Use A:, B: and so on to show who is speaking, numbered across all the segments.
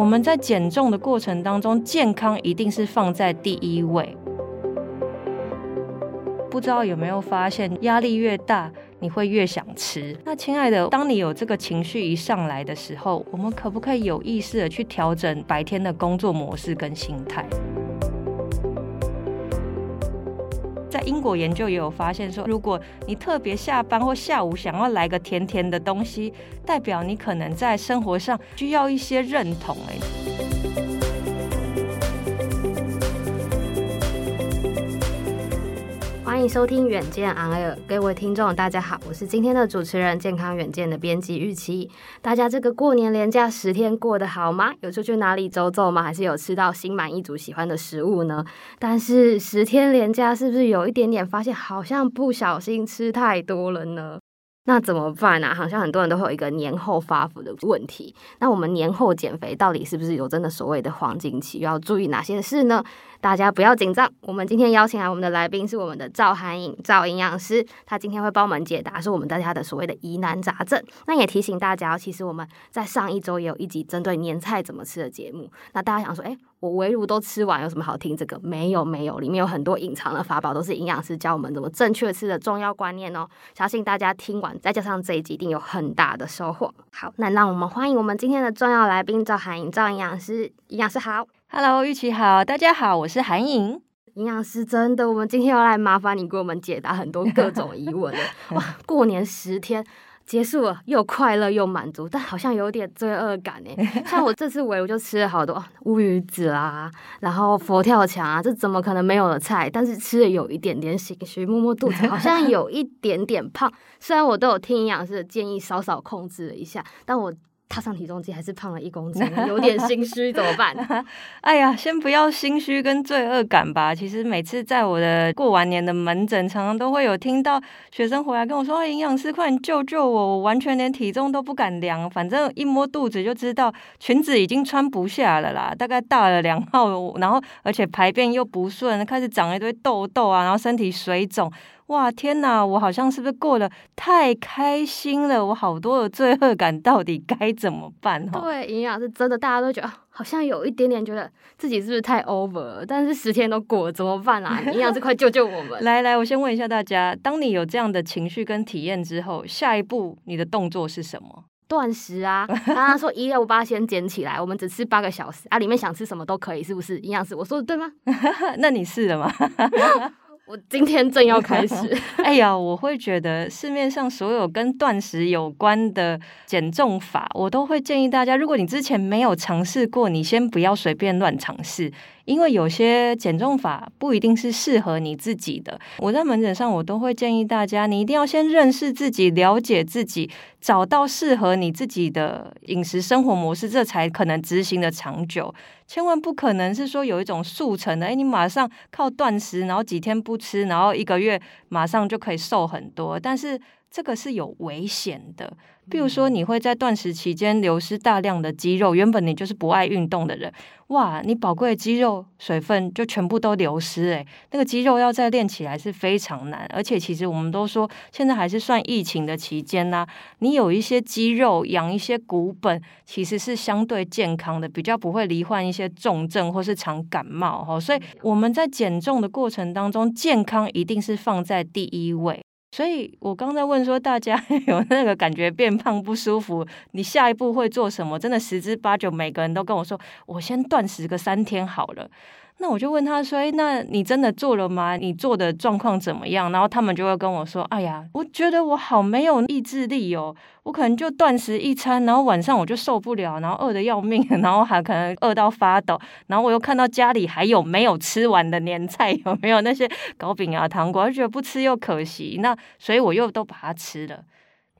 A: 我們在減重的過程當中，健康一定是放在第一位。不知道有沒有發現，壓力越大，你會越想吃。那親愛的，當你有這個情緒一上來的時候，我們可不可以有意識的去調整白天的工作模式跟心態？在英國研究也有發現，說如果你特別下班或下午想要來個甜甜的東西，代表你可能在生活上需要一些認同哎。
B: 歡迎收聽遠見 On Air，各位聽眾，大家好，我是今天的主持人，健康遠見的編輯毓琪，大家這個過年連假十天過得好嗎？有出去哪裡走走嗎？還是有吃到心滿意足、喜歡的食物呢？但是十天連假是不是有一點點發現，好像不小心吃太多了呢？那怎麼辦呢、啊？好像很多人都會有一個年後發福的問題。那我們年後減肥到底是不是有真的所謂的黃金期？要注意哪些事呢？大家不要緊張，我們今天邀請來我們的來賓是我們的趙函穎，趙營養師，他今天會幫我們解答，是我們大家的所謂的疑難雜症。那也提醒大家，其實我們在上一周也有一集針對年菜怎麼吃的節目。那大家想說，誒、欸，我圍爐都吃完，有什麼好聽？這個沒有沒有，裡面有很多隱藏的法寶，都是營養師教我們怎麼正確吃的重要觀念哦。相信大家聽完，再加上這一集，一定有很大的收穫。好，那讓我們歡迎我們今天的重要來賓趙函穎，趙營養師，營養師好。Hello，毓琪好，大家好，我是函穎營養師，真的，我們今天要來麻煩你給我們解答很多各種疑問。 哇，過年十天結束了，又快樂又滿足，但好像有點罪惡感哎。 像我這次回，我就吃了好多烏魚子啊，然後佛跳牆啊，這怎麼可能沒有的菜？但是吃的有一點點心虛，摸摸肚子，好像有一點點胖。 雖然我都有聽營養師的建議，稍稍控制了一下，但我。踏上體重機還是胖了一公斤，有點心虛， 怎麼辦？
A: 哎呀，先不要心虛跟罪惡感吧。其實每次在我的過完年的門診，常常都會有聽到學生回來跟我說：“哎，營養師，快點救救我！我完全連體重都不敢量，反正一摸肚子就知道裙子已經穿不下了啦，大概大了兩號。然後而且排便又不順，開始長一堆痘痘啊，然後身體水腫。”哇天哪，我好像是不是過得太開心了？我好多的罪惡感，到底該怎麼辦？對，
B: 營養師真的大家都覺得好像有一點點覺得自己是不是太 over 了，但是
A: 十天都過了，怎麼辦啊？營養師快救救我們！ 來來，我先問一下大家，當你有這樣的情緒跟體驗之後，下一步你的動作是什麼？
B: 斷食啊！剛剛說一六八先減起來，我們只吃八個小時啊，裡面想吃什麼都可以，是不是？營養師，我說的對嗎？ 那你試了嗎？ 我今天正要開始，okay。 哎呀，
A: 我會覺得市面上所有跟斷食有關的減重法，我都會建議大家，如果你之前沒有嘗試過，你先不要隨便亂嘗試。因為有些減重法不一定是適合你自己的。我在門診上，我都會建議大家，你一定要先認識自己，了解自己，找到適合你自己的飲食生活模式，這才可能執行的長久。千萬不可能是說有一種速成的，哎，你馬上靠斷食，然後幾天不吃，然後一個月馬上就可以瘦很多，但是這個是有危險的。比如說，你會在斷食期間流失大量的肌肉，原本你就是不愛運動的人，哇，你寶貴的肌肉水分就全部都流失哎，那個肌肉要再練起來是非常難，而且其實我們都說，現在還是算疫情的期間吶、啊，你有一些肌肉養一些骨本，其實是相對健康的，比較不會罹患一些重症或是常感冒哈，所以我們在減重的過程當中，健康一定是放在第一位。所以我剛才問說，大家有那個感覺變胖不舒服，你下一步會做什麼？真的十之八九，每個人都跟我說，我先斷食個三天好了。那我就問他說：“哎，那你真的做了嗎？你做的狀況怎麼樣？”然後他們就會跟我說：“哎呀，我覺得我好沒有意志力哦，我可能就斷食一餐，然後晚上我就受不了，然後餓得要命，然後還可能餓到發抖，然後我又看到家裡還有沒有吃完的年菜，有沒有那些糕餅啊、糖果，我覺得不吃又可惜，那所以我又都把它吃了。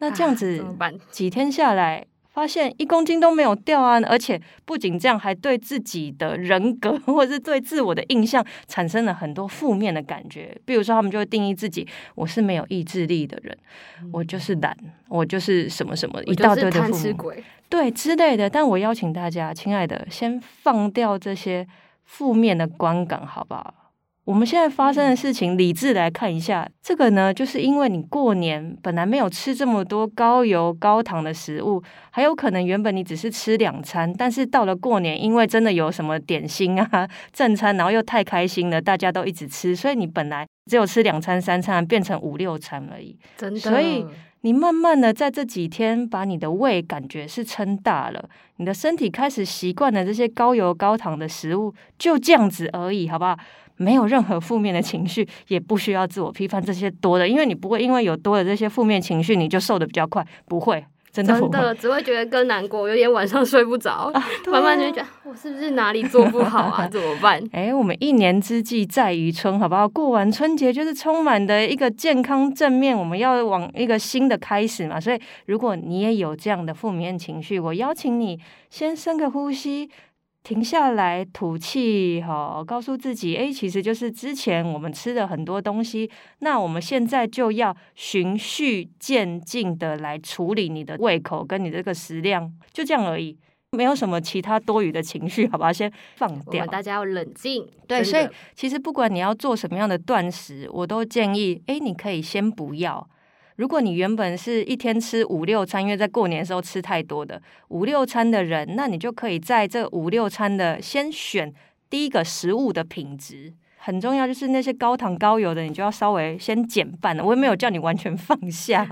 A: 那這樣子，啊、幾天下來。”發現一公斤都沒有掉啊！而且不僅這樣，還對自己的人格或者是對自我的印象產生了很多負面的感覺。比如說，他們就會定義自己：我是沒有意志力的人，我就是懶，我就是什麼什麼一大堆的貪吃鬼，對之類的。但我邀請大家，親愛的，先放掉這些負面的觀感，好不好？我們現在發生的事情，理智來看一下，這個呢，就是因為你過年本來沒有吃這麼多高油高糖的食物，還有可能原本你只是吃兩餐，但是到了過年，因為真的有什麼點心啊、正餐，然後又太開心了，大家都一直吃，所以你本來只有吃兩餐、三餐，變成五六餐而已。
B: 真的，所以
A: 你慢慢的在這幾天，把你的胃感覺是撐大了，你的身體開始習慣了這些高油高糖的食物，就這樣子而已，好不好？沒有任何負面的情緒，也不需要自我批判這些多的，因為你不會因為有多的這些負面情緒，你就瘦的比較快，不會，真的真的
B: 只會覺得更難過，有點晚上睡不着，啊啊、慢慢就會覺得我是不是哪裡做不好啊？ 怎
A: 麼辦？誒、哎，我們一年之計在於春，好不好？過完春節就是充滿的一個健康正面，我們要往一個新的開始嘛。所以，如果你也有這樣的負面情緒，我邀請你先深個呼吸。停下來吐氣，好，哦，告訴自己，誒、欸、其實就是之前我們吃的很多東西，那我們現在就要循序漸進的來處理你的胃口跟你這個食量，就這樣而已，沒有什麼其他多餘的情緒，好吧，先放掉。我們大家
B: 要冷靜。對，所以
A: 其實不管你要做什麼樣的斷食，我都建議，誒、欸、你可以先不要。如果你原本是一天吃五六餐，因為在過年時候吃太多的五六餐的人，那你就可以在這五六餐的先選第一個食物的品質。很重要就是那些高糖高油的，你就要稍微先減半了。我也沒有叫你完全放下，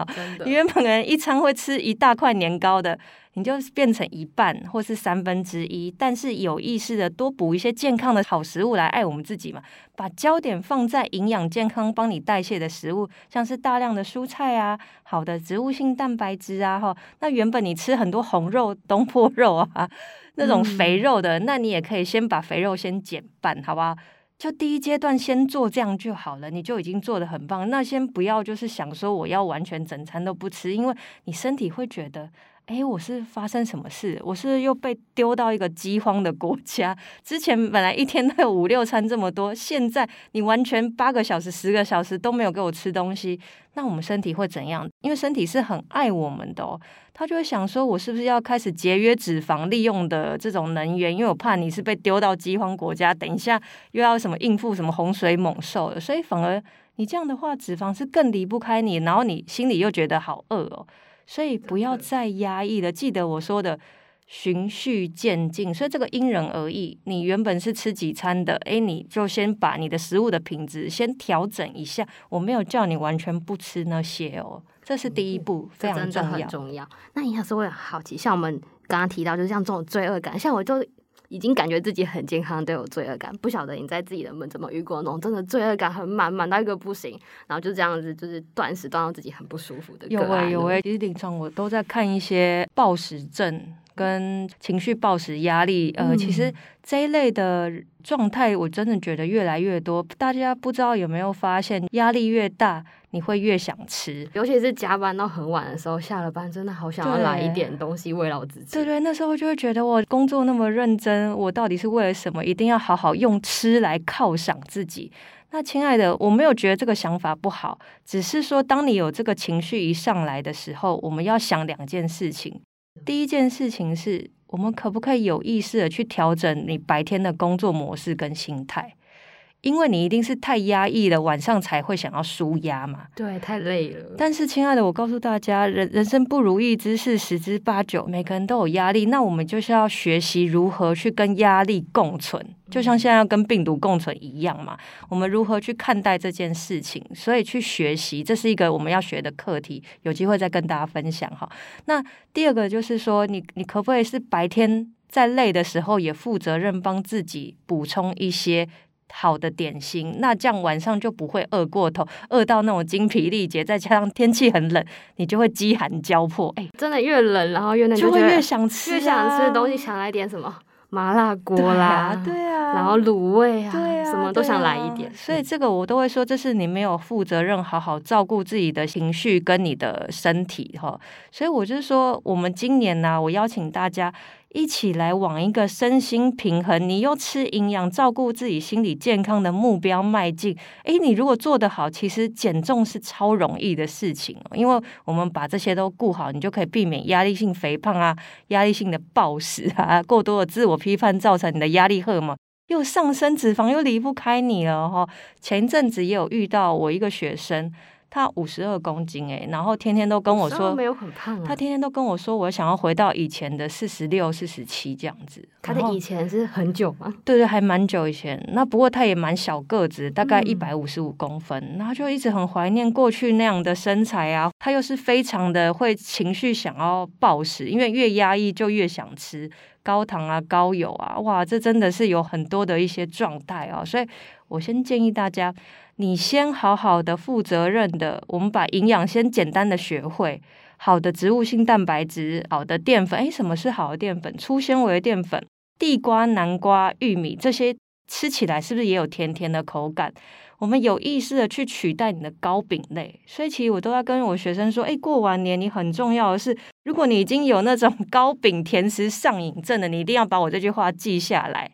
A: 原本人一餐會吃一大塊年糕的，你就變成一半或是三分之一。但是有意識的多補一些健康的好食物來愛我們自己嘛，把焦點放在營養健康、幫你代謝的食物，像是大量的蔬菜啊，好的植物性蛋白質啊，哈。那原本你吃很多紅肉、東坡肉啊，
B: 那種肥
A: 肉的、嗯，那你也可以先把肥肉先減半，好吧？就第一階段先做這樣就好了，你就已經做得很棒。那先不要就是想說我要完全整餐都不吃，因為你身體會覺得。誒，我是發生什麼事？我是又被丟到一個饑荒的國家。之前本來一天都有五六餐這麼多，現在你完全八個小時、十個小時都沒有給我吃東西，那我們身體會怎樣？因為身體是很愛我們的哦，他就會想說，我是不是要開始節約脂肪利用的這種能源？因為我怕你是被丟到饑荒國家，等一下又要什麼應付什麼洪水猛獸，所以反而你這樣的話，脂肪是更離不開你，然後你心裡又覺得好餓哦。所以不要再壓抑了，的記得我說的循序漸進，所以這個因人而異。你原本是吃幾餐的，誒、欸、你就先把你的食物的品質先調整一下。我沒有叫你完全不吃那些哦、喔，這是第一步，嗯、非常重要。重
B: 要，那你要是會好奇，像我們剛剛提到，就像這種罪惡感，像我就。已經感覺自己很健康，都有罪惡感，不曉得你在自己的門怎麼遇過那種，真的罪惡感很滿滿到一個不行，然後就這樣子就是斷食斷到自己很不舒服的。有哎、欸、有哎、欸，其實臨床我都
A: 在看一些暴食症。跟情緒暴食、壓力，呃、嗯，其實這一類的狀態，我真的覺得越來越多。大家不知道有沒有發現，壓力越大，你會越想吃，尤其是加班到很晚的時候，下了班真的
B: 好想要來一點東西慰勞自
A: 己。對，對對，那時候我就會覺得我工作那麼認真，我到底是為了什麼？一定要好好用吃來犒賞自己。那親愛的，我沒有覺得這個想法不好，只是說，當你有這個情緒一上來的時候，我們要想兩件事情。第一件事情是，我們可不可以有意識的去調整你白天的工作模式跟心態。因為你一定是太壓抑了，晚上才會想要舒壓嘛。對，太累了。但是，親愛的，我告訴大家，人人生不如意之事十之八九，每個人都有壓力。那我們就是要學習如何去跟壓力共存，就像現在要跟病毒共存一樣嘛。我們如何去看待這件事情？所以，去學習這是一個我們要學的課題。有機會再跟大家分享哈。那第二個就是說，你你可不可以是白天在累的時候，也負責任幫自己補充一些？好的點心，那這樣晚上就不會餓過頭，餓到那種精疲力竭，再加上天氣很冷，你就會飢寒交迫。哎、欸，
B: 真的越冷，然後越冷，就會越想吃、啊，越想吃東西，想來點什麼
A: 麻辣鍋啦
B: 對、啊，對啊，然後滷味啊，啊啊什麼都想來一點、
A: 啊。所以這個我都會說，這是你沒有負責任，好好照顧自己的情緒跟你的身體哈。所以我就說，我們今年呢、啊，我邀請大家。一起來往一個身心平衡，你又吃營養、照顧自己心理健康的目標邁進。誒，你如果做得好，其實減重是超容易的事情哦，因為我們把這些都顧好，你就可以避免壓力性肥胖啊、壓力性的暴食啊、過多的自我批判造成你的壓力荷爾蒙，又上升脂肪又離不開你了哈、哦。前陣子也有遇到我一個學生。他五十二公斤誒、欸、然後天天都跟我說，他天天都跟我說，我想要回到以前的四十六、四十七，這樣子。他的以
B: 前是很
A: 久嗎？對對，還蠻久以前。那不過他也蠻小個子，大概一百五十五公分。然後就一直很懷念過去那樣的身材啊。他又是非常的會情緒，想要暴食，因為越壓抑就越想吃高糖啊、高油啊。哇，這真的是有很多的一些狀態啊。所以我先建議大家，你先好好的、負責任的，我們把營養先簡單的學會。好的植物性蛋白質，好的澱粉。哎、欸，什麼是好的澱粉？粗纖維澱粉，地瓜、南瓜、玉米這些吃起來是不是也有甜甜的口感？我們有意識的去取代你的糕餅類。所以，其實我都要跟我學生說，哎、欸，過完年你很重要的是，如果你已經有那種糕餅甜食上癮症的，你一定要把我這句話記下來。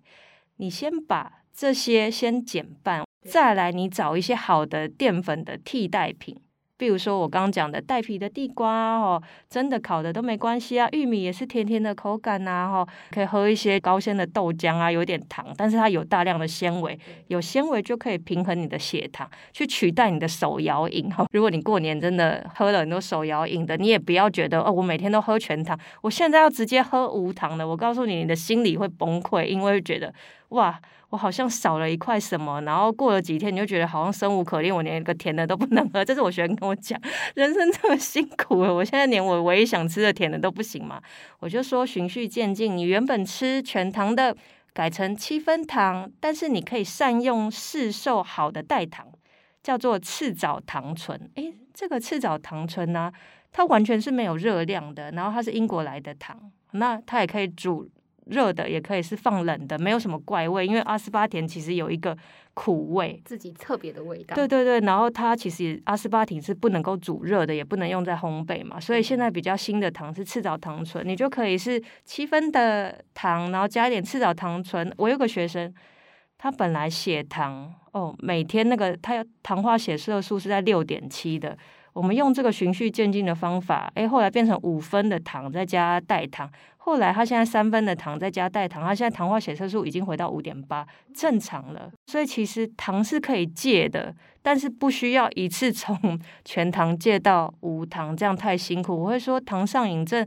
A: 你先把這些先減半。再來，你找一些好的澱粉的替代品，比如說我剛剛講的帶皮的地瓜哦，蒸的烤的都沒關係啊。玉米也是甜甜的口感吶，哈，可以喝一些高纖的豆漿啊，有點糖，但是它有大量的纖維，有纖維就可以平衡你的血糖，去取代你的手搖飲。哈，如果你過年真的喝了很多手搖飲的，你也不要覺得哦，我每天都喝全糖，我現在要直接喝無糖的，我告訴你，你的心裡會崩潰，因為覺得哇。我好像少了一塊什麼，然後過了幾天，你就覺得好像生無可戀。我連一個甜的都不能喝，這是我學員跟我講，人生這麼辛苦了，我現在連我唯一想吃的甜的都不行嘛。我就說循序漸進，你原本吃全糖的，改成七分糖，但是你可以善用市售好的代糖，叫做赤藻糖醇。誒、欸，這個赤藻糖醇呢、啊，它完全是沒有熱量的，然後它是英國來的糖，那它也可以煮。熱的也可以，是放冷的，沒有什麼怪味，因為阿斯巴甜其實有一個苦味，
B: 自己特別的味道。對對
A: 對，然後它其實阿斯巴甜是不能夠煮熱的，也不能用在烘焙嘛，所以現在比較新的糖是赤藻糖醇，你就可以是七分的糖，然後加一點赤藻糖醇。我有個學生，他本來血糖哦，每天那個他有糖化血色素是在六點七的，我們用這個循序漸進的方法，哎，後來變成五分的糖，再加代糖。後來他現在三分的糖再加代糖，他現在糖化血色素已經回到五點八，正常了。所以其實糖是可以戒的，但是不需要一次從全糖戒到無糖，這樣太辛苦。我會說糖上癮症，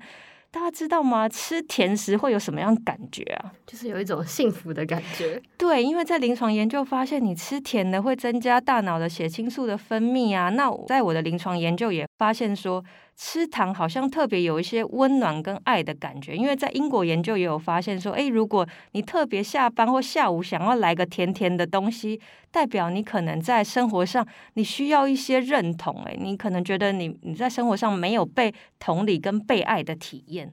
A: 大家知道嗎？吃甜食會有什麼樣的感覺啊？
B: 就是有一種幸福的感覺。
A: 對，因為在臨床研究發現，你吃甜的會增加大腦的血清素的分泌啊。那我在我的臨床研究也。發現說吃糖好像特別有一些溫暖跟愛的感覺，因為在英國研究也有發現說，誒、欸，如果你特別下班或下午想要來個甜甜的東西，代表你可能在生活上你需要一些認同、欸，誒，你可能覺得你你在生活上沒有被同理跟被愛的體驗，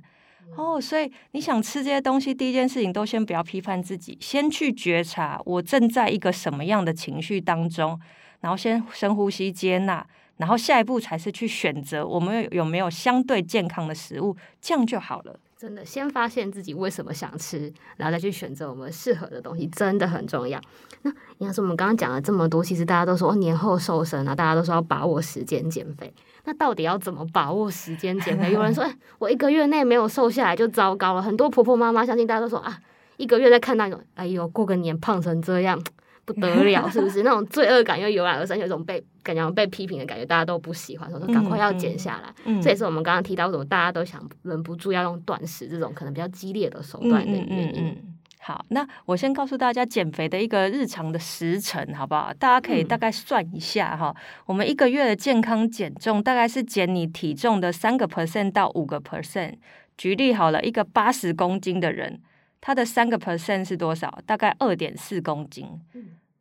A: 哦，所以你想吃這些東西。第一件事情都先不要批判自己，先去覺察我正在一個什麼樣的情緒當中，然後先深呼吸接，接納。然後下一步才是去選擇我們有沒有相對健康的食物，這樣就好了。
B: 真的，先發現自己為什麼想吃，然後再去選擇我們適合的東西，真的很重要。那你要說我們剛剛講了這麼多，其實大家都說，哦，年後瘦身啊，大家都說要把握時間減肥。那到底要怎麼把握時間減肥？ 有人說，哎，我一個月內沒有瘦下來就糟糕了。很多婆婆媽媽，相信大家都說啊，一個月再看到，哎呦，過個年胖成這樣。 不得了，是不是那種罪惡感又油然而生，有種被感覺被批評的感覺，大家都不喜歡，說說趕快要減下來。這、嗯、也是我們剛剛提到，怎麼大家都想忍不住要用斷食這種可能比較激烈的手段的原因嗯嗯,嗯好，那我
A: 先告訴大家減肥的一個日常的時程，好不好？大家可以大概算一下哈、嗯哦，我們一個月的健康減重大概是減你體重的三個 percent 到五個 percent。舉例好了，一個八十公斤的人。它的三個 percent 是多少？大概二點四公斤。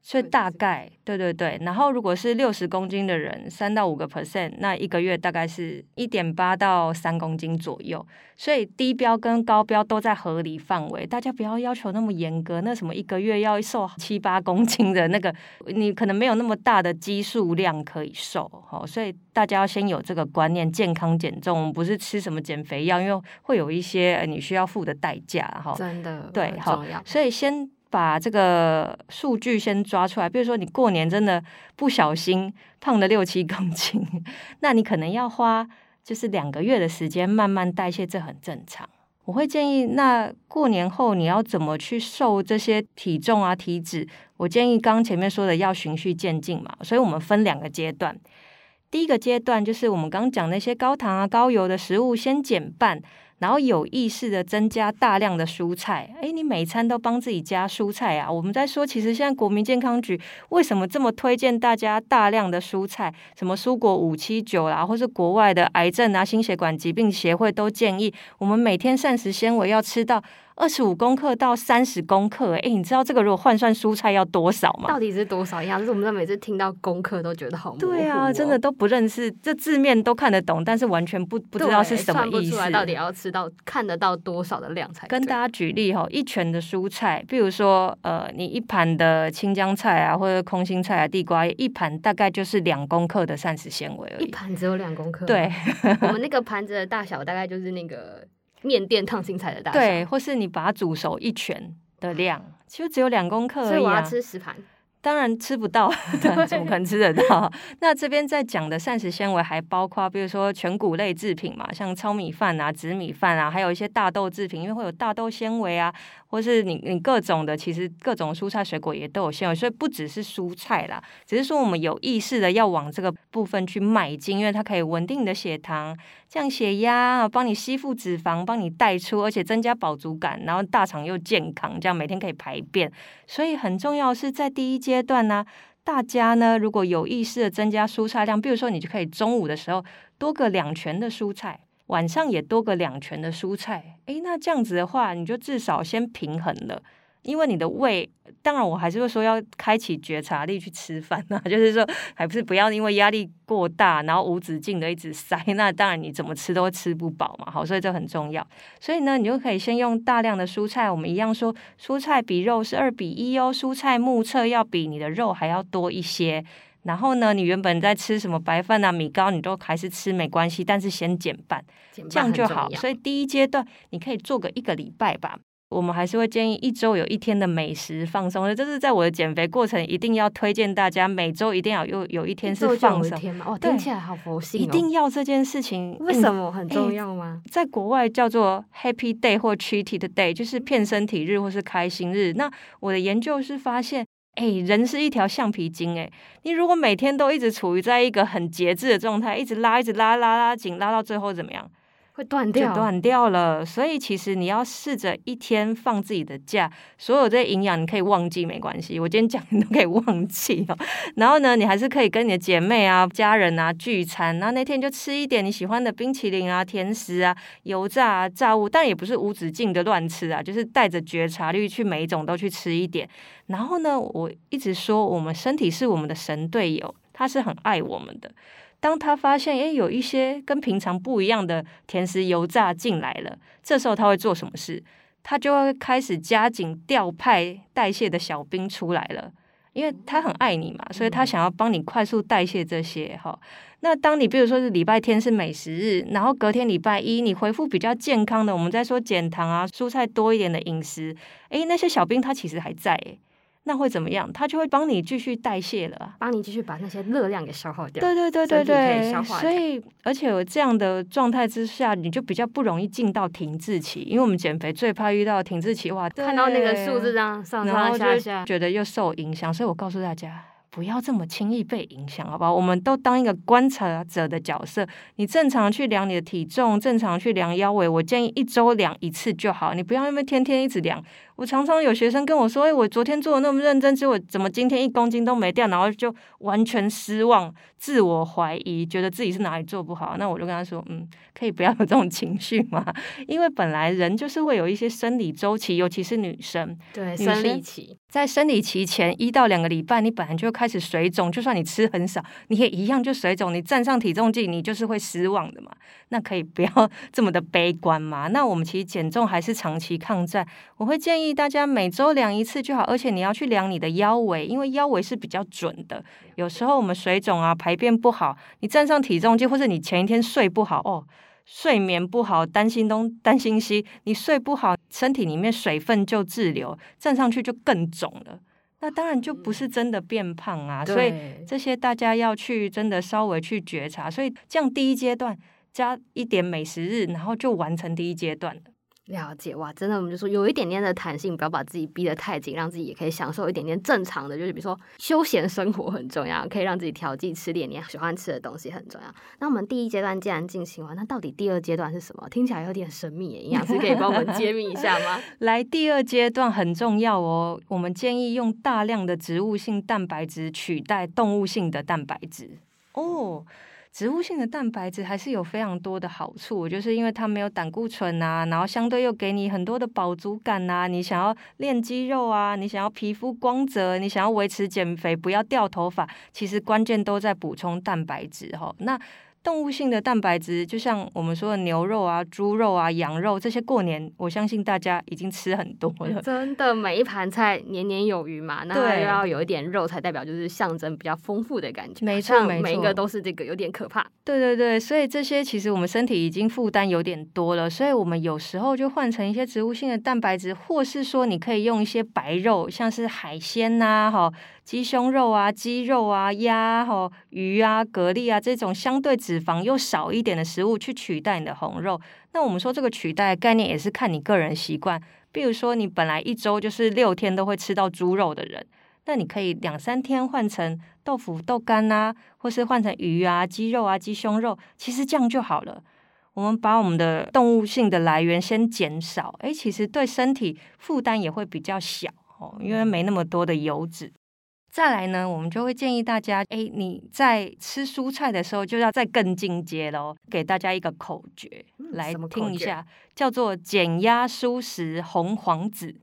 A: 所以大概對，對對對，然後如果是六十公斤的人，三到五個 percent，那一個月大概是一點八到三公斤左右。所以低標跟高標都在合理範圍，大家不要要求那麼嚴格。那什麼一個月要瘦七八公斤的那個，你可能沒有那麼大的基數量可以瘦。所以大家要先有這個觀念，健康減重，不是吃什麼減肥藥，因為會有一些你需要付的代價哈。真
B: 的，對，好，
A: 所以先。把這個數據先抓出來，比如說你過年真的不小心胖了六七公斤，那你可能要花就是兩個月的時間慢慢代謝，這很正常。我會建議，那過年後你要怎麼去瘦這些體重啊、體脂？我建議剛前面說的要循序漸進嘛，所以我們分兩個階段。第一個階段就是我們剛講那些高糖啊、高油的食物先減半。然後有意識的增加大量的蔬菜。誒，你每餐都幫自己加蔬菜啊？我們在說，其實現在國民健康局為什麼這麼推薦大家大量的蔬菜？什麼蔬果五七九啦，或是國外的癌症啊、心血管疾病協會都建議，我們每天膳食纖維要吃到。二十五公克到三十公克，誒、欸、你知道這個如果換算蔬菜要多少嗎？到
B: 底是多少？呀、啊？就是我們在每次聽到公克都覺得好模糊哦。對啊，
A: 真的都不認識，這字面都看得懂，但是完全不不知道是什麼意思。欸、不出來，到底
B: 要吃到看得到多少的量才？跟大
A: 家舉例哈，一拳的蔬菜，比如說呃，你一盤的青江菜啊，或者空心菜啊，地瓜一盤大概就是兩公克的膳食纖維而已。一盤只有兩公克？對，
B: 我們那個盤子的大小大概就是那個。麵店燙青菜的大小，對，
A: 或是你把它煮熟一拳的量，其實只有兩公克而已啊。所以我要吃十盤。當然吃不到， 怎麼可能吃得到？ 那這邊在講的膳食纖維還包括，比如說全谷類製品嘛，像糙米飯啊、紫米飯啊，還有一些大豆製品，因為會有大豆纖維啊，或是你你各種的，其實各種蔬菜水果也都有纖維，所以不只是蔬菜啦，只是說我們有意識的要往這個部分去邁進，因為它可以穩定你的血糖、降血壓、幫你吸附脂肪、幫你帶出，而且增加飽足感，然後大腸又健康，這樣每天可以排便。所以很重要是在第一階階段呢、啊，大家呢，如果有意識的增加蔬菜量，比如說你就可以中午的時候多個兩拳的蔬菜，晚上也多個兩拳的蔬菜，哎，那這樣子的話，你就至少先平衡了。因為你的胃，當然我還是會說要開啟覺察力去吃飯呢、啊，就是說，還不是不要因為壓力過大，然後無止境的一直塞，那當然你怎麼吃都會吃不飽嘛，好，所以這很重要。所以呢，你就可以先用大量的蔬菜，我們一樣說蔬菜比肉是二比一哦，蔬菜目測要比你的肉還要多一些。然後呢，你原本在吃什麼白飯啊、米糕，你都還是吃沒關係，但是先減半，減半，這樣就好。所以第一階段你可以做個一個禮拜吧。我們還是會建議一周有一天的美食放鬆，這是在我的減肥過程一定要推薦大家，每周一定要有有一天是放鬆。哦，聽起
B: 來好佛性、哦、一定
A: 要這件事情，為什麼很重要嗎？嗯欸、在國外叫做 Happy Day 或 Cheat Day，就是騙身體日或是開心日。那我的研究是發現，哎、欸，人是一條橡皮筋，哎，你如果每天都一直處於在一個很節制的狀態，一直拉，一直拉，拉拉緊，拉到最後怎麼樣？會
B: 斷掉，斷
A: 掉了。所以其實你要試着一天放自己的假，所有這些營養你可以忘記沒關係。我今天講你都可以忘記哦。 然後呢，你還是可以跟你的姐妹啊、家人啊聚餐。那那天就吃一點你喜歡的冰淇淋啊、甜食啊、油炸啊、炸物，但也不是無止境的亂吃啊，就是帶着覺察力去每一種都去吃一點。然後呢，我一直說我們身體是我們的神隊友，他是很愛我們的。當他發現誒有一些跟平常不一樣的甜食、油炸進來了，這時候他會做什麽事？他就會開始加緊調派代謝的小兵出來了，因為他很愛你嘛，所以他想要幫你快速代謝這些哈、嗯。那當你比如說是禮拜天是美食日，然後隔天禮拜一你恢復比較健康的，我們再說減糖啊、蔬菜多一點的飲食，誒那些小兵他其實還在誒。那會怎麼樣？它就會幫你繼續代謝了，
B: 幫你繼續把那些熱量給消耗掉。對對對對對，消耗掉。所以
A: 而且有這樣的狀態之下，你就比較不容易進到停滯期。因為我們減肥最怕遇到停滯期，哇，看到那個數字這樣上上下下，覺得又受影響下下。所以我告訴大家，不要這麼輕易被影響，好不好？我們都當一個觀察者的角色，你正常去量你的體重，正常去量腰圍。我建議一周量一次就好，你不要因為天天一直量。我常常有學生跟我說：“哎、欸，我昨天做的那麼認真，結果怎麼今天一公斤都沒掉？”然後就完全失望、自我懷疑，覺得自己是哪裡做不好、啊。那我就跟他說：“嗯，可以不要有這種情緒嘛，因為本來人就是會有一些生理周期，尤其是女生，對，生理期。女生在生理期前一到兩個禮拜，你本來就會開始水腫，就算你吃很少，你也一樣就水腫。你站上體重計，你就是會失望的嘛。那可以不要這麼的悲觀嘛？那我們其實減重還是長期抗戰，我會建議。”建議大家每週量一次就好，而且你要去量你的腰圍，因為腰圍是比較準的。有時候我們水腫啊、排便不好，你站上體重計，或者你前一天睡不好哦，睡眠不好，擔心東擔心西，你睡不好，身體裡面水分就滯留，站上去就更腫了。那當然就不是真的變胖啊，所以這些大家要去真的稍微去覺察。所以這樣第一階段加一點美食日，然後就完成第一階段。
B: 了解哇，真的，我們就說有一點點的彈性，不要把自己逼得太緊，讓自己也可以享受一點點正常的，就是比如說休閒生活很重要，可以讓自己調劑吃點你喜歡吃的東西很重要。那我們第一階段既然進行完，那到底第二階段是什麼？聽起來有點神秘耶，營養師可以幫我們揭秘一下嗎？ 來，第二階段很重要哦，我
A: 們建議用大量的植物性蛋白質取代動物性的蛋白質哦。植物性的蛋白質還是有非常多的好處，就是因為它沒有膽固醇啊，然後相對又給你很多的飽足感啊。你想要練肌肉啊，你想要皮膚光澤，你想要維持減肥、不要掉頭髮，其實關鍵都在補充蛋白質哈。那。動物性的蛋白質，就像我們說的牛肉啊、豬肉啊、羊肉這些，過年我相信大家已經吃很多了。真
B: 的，每一盤菜年年有餘嘛，那就要有一點肉，才代表就是象徵比較豐富的感覺。沒錯，每一個都是這個有點可怕。
A: 對對對，所以這些其實我們身體已經負擔有點多了，所以我們有時候就換成一些植物性的蛋白質，或是說你可以用一些白肉，像是海鮮吶、啊，哈。雞胸肉啊、雞肉啊、鴨、啊、吼、啊、魚啊、蛤蜊啊，這種相對脂肪又少一點的食物，去取代你的紅肉。那我們說這個取代的概念也是看你個人習慣。比如說你本來一周就是六天都會吃到豬肉的人，那你可以兩三天換成豆腐、豆干啊，或是換成魚啊、雞肉啊、雞胸肉，其實這樣就好了。我們把我們的動物性的來源先減少，誒、欸、其實對身體負擔也會比較小，吼，因為沒那麼多的油脂。再來呢，我們就會建議大家，哎、欸，你在吃蔬菜的時候就要再更進階嘍，給大家一個口訣、嗯、來，什麼口訣？聽一下，叫做“減壓蔬食紅黃紫”。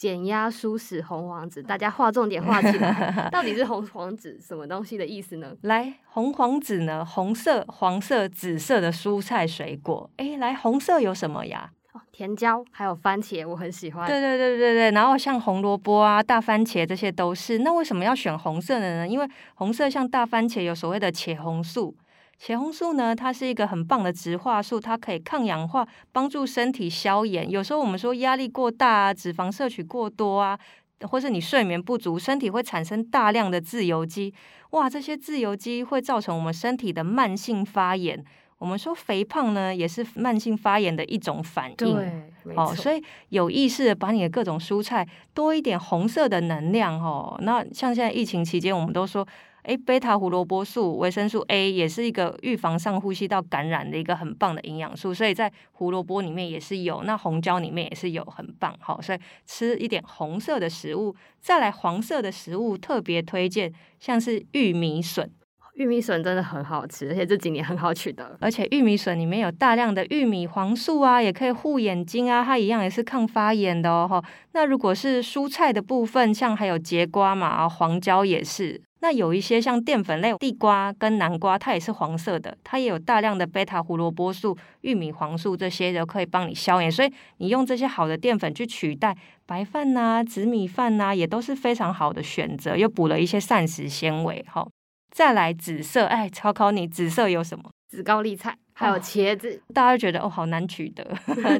B: 減壓蔬食紅黃紫，大家畫重點畫起來 到底是紅黃紫什麼東西的意思呢？ 來，紅
A: 黃紫呢，紅色、黃色、紫色的蔬菜水果，哎、欸，來，紅色有什
B: 麼呀？甜椒還有番茄，我很喜歡。對對
A: 對對對，然後像紅蘿蔔啊、大番茄這些都是。那為什麼要選紅色的呢？因為紅色像大番茄有所謂的茄紅素，茄紅素呢，它是一個很棒的植化素，它可以抗氧化，幫助身體消炎。有時候我們說壓力過大啊，脂肪攝取過多啊，或是你睡眠不足，身體會產生大量的自由基。哇，這些自由基會造成我們身體的慢性發炎。我們說肥胖呢，也是慢性發炎的一種反應。對，哦，所以有意識的把你的各種蔬菜多一點紅色的能量，哦，那像現在疫情期間，我們都說，哎，貝塔胡蘿蔔素、維生素 A 也是一個預防上呼吸道感染的一個很棒的營養素，所以在胡蘿蔔裡面也是有，那紅椒裡面也是有，很棒，哦，所以吃一點紅色的食物，再來黃色的食物，特別推薦像是玉米筍。玉米筍真的很好吃，而且這幾年很好取得。而且玉米筍裡面有大量的玉米黃素啊，也可以護眼睛啊，它一樣也是抗發炎的哦。吼，那如果是蔬菜的部分，像還有櫛瓜嘛，黃椒也是。那有一些像澱粉類，地瓜跟南瓜，它也是黃色的，它也有大量的貝塔胡蘿蔔素、玉米黃素這些都可以幫你消炎。所以你用這些好的澱粉去取代白飯吶、啊、紫米飯吶、啊，也都是非常好的選擇，又補了一些膳食纖維哈。再來紫色，哎，考考你，紫色有什麼？紫高麗菜，還有茄子，哦、大家覺得哦，好難取得。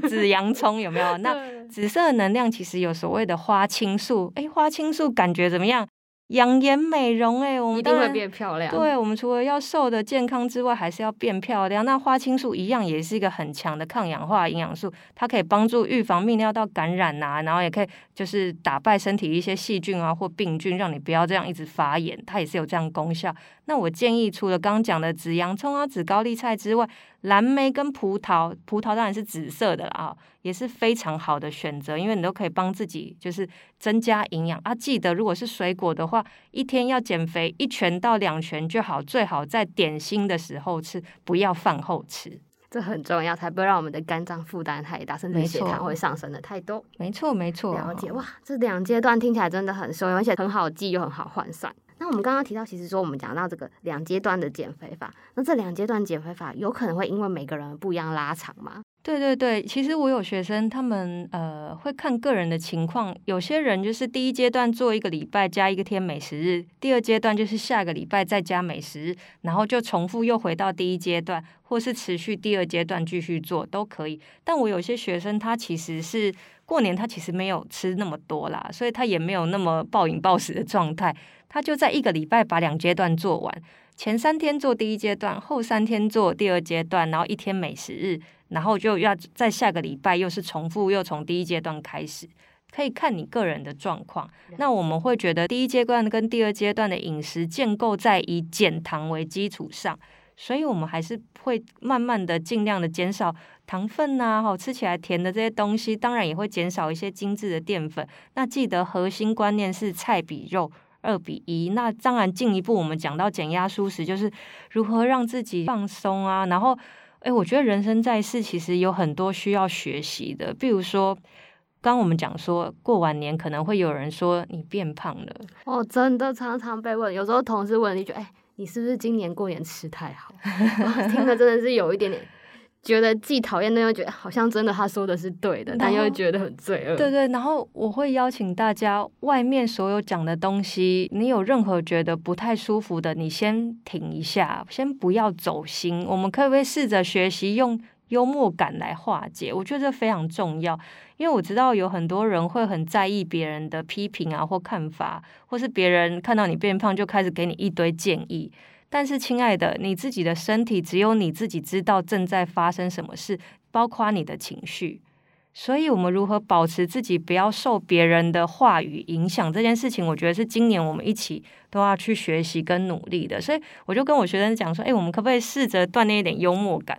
A: 紫洋蔥有沒有？ 那紫色的能量其實有所謂的花青素，哎，花青素感覺怎麼樣？養顏美容誒、欸，我們當然一定會變漂亮。對，我們除了要瘦的健康之外，還是要變漂亮。那花青素一樣也是一個很強的抗氧化營養素，它可以幫助預防泌尿道感染吶、啊，然後也可以就是打敗身體一些細菌啊或病菌，讓你不要這樣一直發炎，它也是有這樣功效。那我建議，除了剛講的紫洋蔥啊、紫高麗菜之外，藍莓跟葡萄，葡萄當然是紫色的了啊，也是非常好的選擇，因為你都可以幫自己就是增加營養啊。記得，如果是水果的話，一天要減肥一拳到兩拳就好，最好在
B: 點心的時候吃，不要飯後吃，這很重要，才不會讓我們的肝臟負擔太大，甚至血糖會上升得太多。沒錯，沒錯。了解哇，這兩階段聽起來真的很熟，而且很好記又很好換算。那我們剛剛提到，其實說我們講到這個兩階段的減肥法，那這兩階段減肥法有可能會因為每個人不一樣拉長嗎？對對對，
A: 其實我有學生，他們呃會看個人的情況，有些人就是第一階段做一個禮拜加一個天美食日，第二階段就是下個禮拜再加美食日，然後就重複又回到第一階段，或是持續第二階段繼續做都可以。但我有些學生他其實是過年他其實沒有吃那麼多啦，所以他也沒有那麼暴飲暴食的狀態。他就在一個禮拜把兩階段做完，前三天做第一階段，後三天做第二階段，然後一天美食日，然後就要在下個禮拜又是重複，又從第一階段開始。可以看你個人的狀況。那我們會覺得第一階段跟第二階段的飲食建構在以減糖為基礎上，所以我們還是會慢慢的盡量的減少糖分吶，好，吃起來甜的這些東西，當然也會減少一些精致的澱粉。那記得核心觀念是菜比肉。二比一，那當然進一步，我們講到減壓舒適，就是如何讓自己放鬆啊。然後，哎、欸，我覺得人生在世，其實有很多需要學習的。比如說，剛我們講說過完年，可能會有人說你
B: 變胖了。哦，真的常常被問，有時候同事問你就哎、欸，你是不是今年過年吃太好了？ 我聽得真的是有一點點。覺得自己討厭，那又覺得好像真的他說的是對的，但又覺得很罪惡。對對，
A: 然後我會邀請大家，外面所有講的東西，你有任何覺得不太舒服的，你先停一下，先不要走心。我們可不可以試着學習用幽默感來化解？我覺得這非常重要，因為我知道有很多人會很在意別人的批評啊，或看法，或是別人看到你變胖就開始給你一堆建議。但是，親愛的，你自己的身體只有你自己知道正在發生什麼事，包括你的情緒。所以，我們如何保持自己不要受別人的話語影響這件事情，我覺得是今年我們一起都要去學習跟努力的。所以，我就跟我學生講
B: 說：“哎、欸，我們可不可以試着鍛鍊一點幽默感？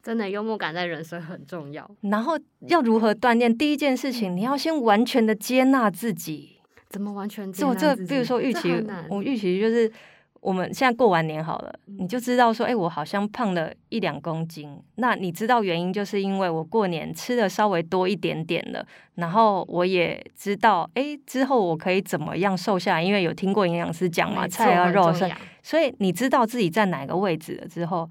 B: 真的，幽默感在人生很重要。
A: 然後，要如何鍛鍊？第一件事情，嗯、你要先完全的接納自己。
B: 怎麼完全接納自己？這這個，比如說預期，我
A: 預期就是。我們現在過完年好了，你就知道說，哎，我好像胖了一兩公斤。那你知道原因，就是因為我過年吃的稍微多一點點了。然後我也知道，哎，之後我可以怎麼樣瘦下來？因為有聽過營養師講嘛，菜啊肉啊，所以你知道自己在哪個位置了之後。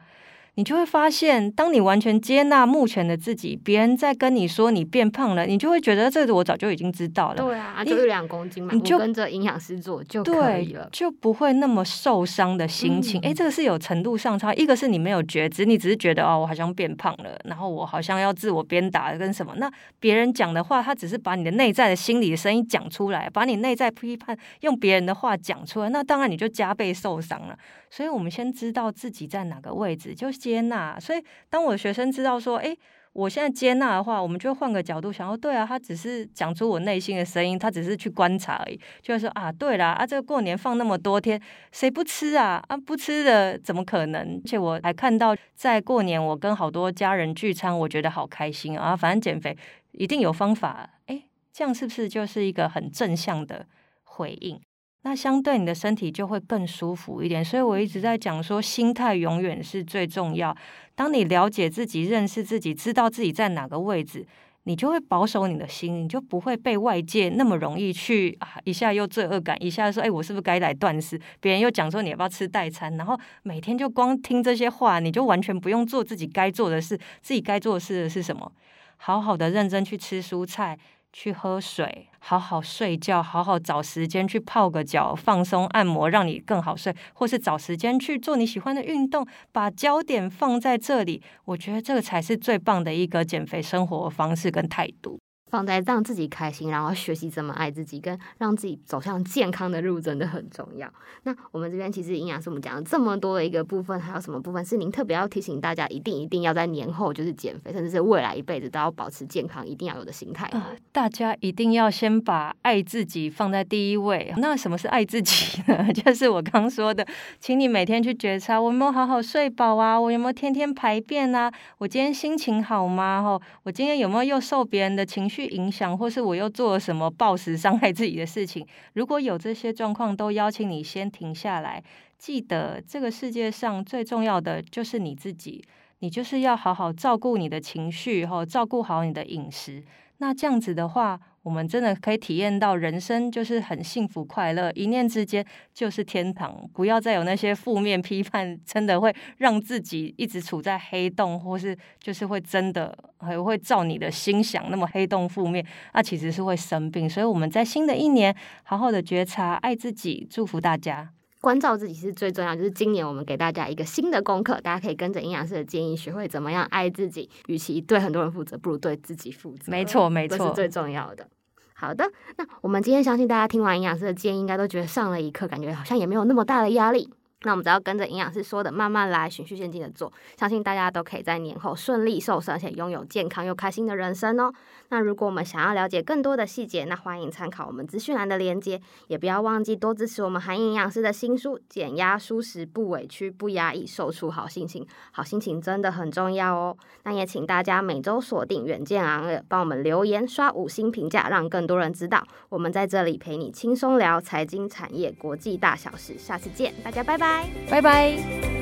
A: 你就會發現，當你完全接納目前的自己，別人在跟你說你變胖了，你就會覺得這個我早就已經知道了。對啊，你就是兩
B: 公斤嘛，你就跟着營養師做就可以了，
A: 對，就不會那麼受傷的心情。誒、嗯欸，這個是有程度上差，一個是你沒有覺知，你只是覺得哦，我好像變胖了，然後我好像要自我鞭打跟什麼。那別人講的話，他只是把你的內在的心理聲音講出來，把你內在批判用別人的話講出來，那當然你就加倍受傷了。所以，我們先知道自己在哪個位置，就是、接納。所以，當我學生知道說，哎，我現在接納的話，我們就換個角度想，哦，對啊，他只是講出我內心的聲音，他只是去觀察而已。就是說啊，對啦，啊，這個、過年放那麼多天，誰不吃啊？啊，不吃的怎麼可能？而且我還看到，在過年我跟好多家人聚餐，我覺得好開心啊。反正減肥一定有方法，哎，這樣是不是就是一個很正向的回應？那相對你的身體就會更舒服一點，所以我一直在講說，心態永遠是最重要。當你了解自己、認識自己、知道自己在哪個位置，你就會保守你的心，你就不會被外界那麼容易去啊，一下又罪惡感，一下說哎，我是不是該來斷食？別人又講說你要不要吃代餐？然後每天就光聽這些話，你就完全不用做自己該做的事，自己該做的事是什麼？好好的認真去吃蔬菜。去喝水，好好睡覺，好好找時間去泡個腳放鬆按摩，讓你更好睡，或是找時間去做你喜歡的運動，把焦點放在這裡，我覺得這個才是最棒的一個減肥生活
B: 方式跟態度。放在讓自己開心，然後學習怎麼愛自己，跟讓自己走向健康的路，真的很重要。那我們這邊其實營養師，我們講了這麼多的一個部分，還有什麼部分是您特別要提醒大家，一定一定要在年後就是減肥，甚至是未來一輩子都要保持健康，一定要有的心態啊、呃！
A: 大家一定要先把愛自己放在第一位。那什麼是愛自己呢？就是我剛說的，請你每天去覺察：我有沒有好好睡飽啊？我有沒有天天排便啊？我今天心情好嗎？我今天有沒有又受別人的情緒？去影響，或是我又做了什麼暴食傷害自己的事情？如果有這些狀況，都邀請你先停下來。記得這個世界上最重要的就是你自己，你就是要好好照顧你的情緒，吼，照顧好你的飲食。那這樣子的話，我們真的可以體驗到人生就是很幸福快樂，一念之間就是天堂。不要再有那些負面批判，真的會讓自己一直處在黑洞，或是就是會真的還會照你的心想那麼黑洞負面，那其實是會生病。所以我們在新的一年，好好的
B: 覺察，愛自己，祝福大家。關照自己是最重要，就是今年我們給大家一個新的功課，大家可以跟着營養師的建議，學會怎麼樣愛自己。與其對很多人負責，不如對自己負責。沒錯，沒錯，這是最重要的。好的，那我們今天相信大家聽完營養師的建議，應該都覺得上了一課，感覺好像也沒有那麼大的壓力。那我們只要跟着營養師說的，慢慢來，循序漸進的做，相信大家都可以在年後順利瘦身，且擁有健康又開心的人生哦。那如果我們想要了解更多的細節，那歡迎參考我們資訊欄的連接，也不要忘記多支持我們函穎營養師的新書《減壓舒適不委屈不壓抑，瘦出好心情》，好心情真的很重要哦。那也請大家每周鎖定遠見昂，幫我們留言刷五星評價，讓更多人知道我們在這裡陪你輕鬆聊財經產業國際大小事。下次見，大家拜拜。拜拜。